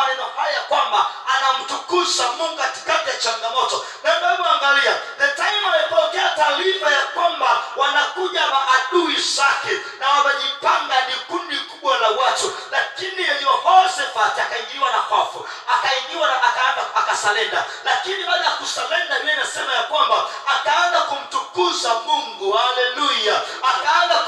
maneno haya kwamba anamtukusa Mungu katikati ya changamoto. Na ndio angalia, the time alipokea taarifa ya kwamba wanakuja maadui zake na wamejipanga, ni kundi kubwa la watu, lakini Yehoshafat akaingiwa na hofu, akaingiwa na akaanza akasalenda, lakini baada ya kusalenda, yeye anasema ya kwamba akaanza kumtukuza Mungu, haleluya, akaanza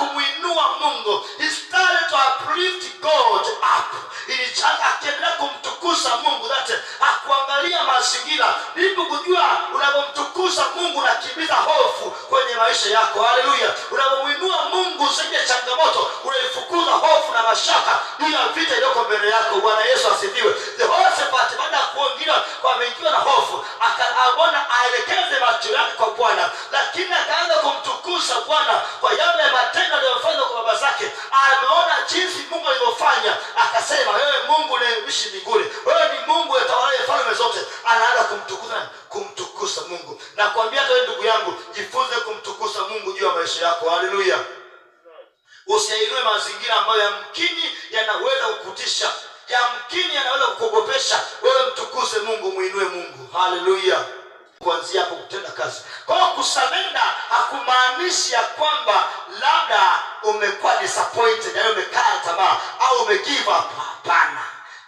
kumtukuza Mungu that akuangalia mazingira ndipo kujua unapomtukuza Mungu unakimbiza hofu kwenye maisha yako. Haleluya! unapomwinua Mungu zenye changamoto unaifukuza hofu na mashaka juu ya vita iliyoko mbele yako. Bwana Yesu asifiwe. Jehoshafati baada ya kuongea kwa ameingiwa na hofu akaona aelekea anaanza kumtukuza kumtukuza Mungu. Nakwambia hata ndugu yangu, jifunze kumtukuza Mungu juu ya maisha yako. Haleluya! Usiyainue mazingira ambayo yamkini yanaweza kukutisha, yamkini yanaweza kukuogopesha. Wewe mtukuze Mungu, muinue Mungu. Haleluya! Kuanzia hapo kutenda kazi kwao. Kusamenda hakumaanishi ya kwamba labda umekuwa disappointed, yaani umekaa tamaa au umegive up. Hapana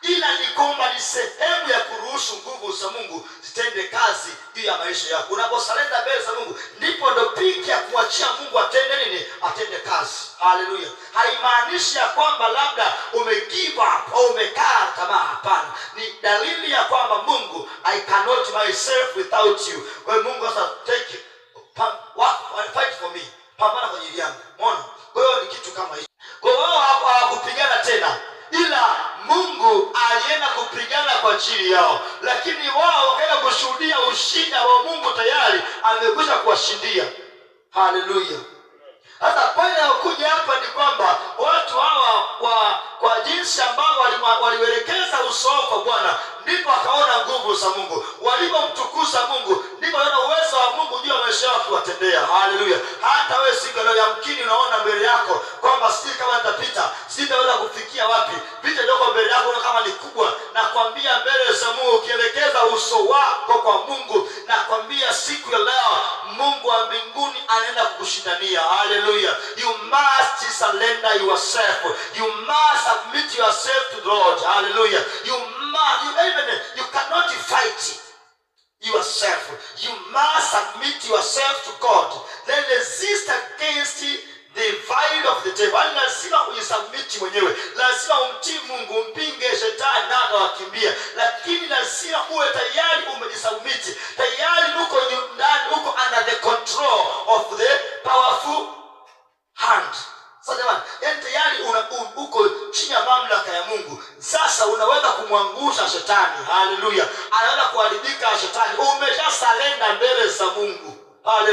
ila ni kwamba ni sehemu ya kuruhusu nguvu za Mungu zitende kazi juu ya maisha yako. Unaposalenda mbele za Mungu, ndipo ndo piki ya kuachia Mungu atende nini? Atende kazi. Haleluya! haimaanishi ya kwamba labda umegive up au umekaa tamaa. Hapana, ni dalili ya kwamba Mungu, I cannot myself without you. Kwa hiyo Mungu sasa, take it, fight for me alienda kupigana kwa ajili yao, lakini wao wakaenda kushuhudia ushindi wa Mungu tayari amekwisha kuwashindia. Haleluya! Sasa pointi anakuja hapa ni kwamba watu hawa kwa, kwa jinsi ambao waliwelekeza uso wao kwa Bwana ndipo akaona nguvu za Mungu. Walipomtukuza Mungu ndipo akaona uwezo wa Mungu juu ya maisha yao kuwatendea. Haleluya! Hata wewe siku leo yamkini unaona mbele yako za mungu ukielekeza uso wako kwa Mungu na kwambia, siku ya leo Mungu wa mbinguni anaenda kukushindania. Haleluya! you must surrender yourself, you must submit yourself to the Lord. Haleluya! you must, you even you cannot fight yourself, you must submit yourself to God, then resist off the table. Yani lazima kujisubmiti mwenyewe, lazima umtii Mungu, mpinge shetani na akawakimbia, lakini lazima uwe tayari umejisubmiti, tayari uko ndani, uko under the control of the powerful hand. Sasa jamani, yani tayari una, uko chini ya mamlaka ya Mungu. Sasa unaweza kumwangusha shetani, haleluya, anaweza kuharibika shetani. Umesha salenda mbele za Mungu, haleluya.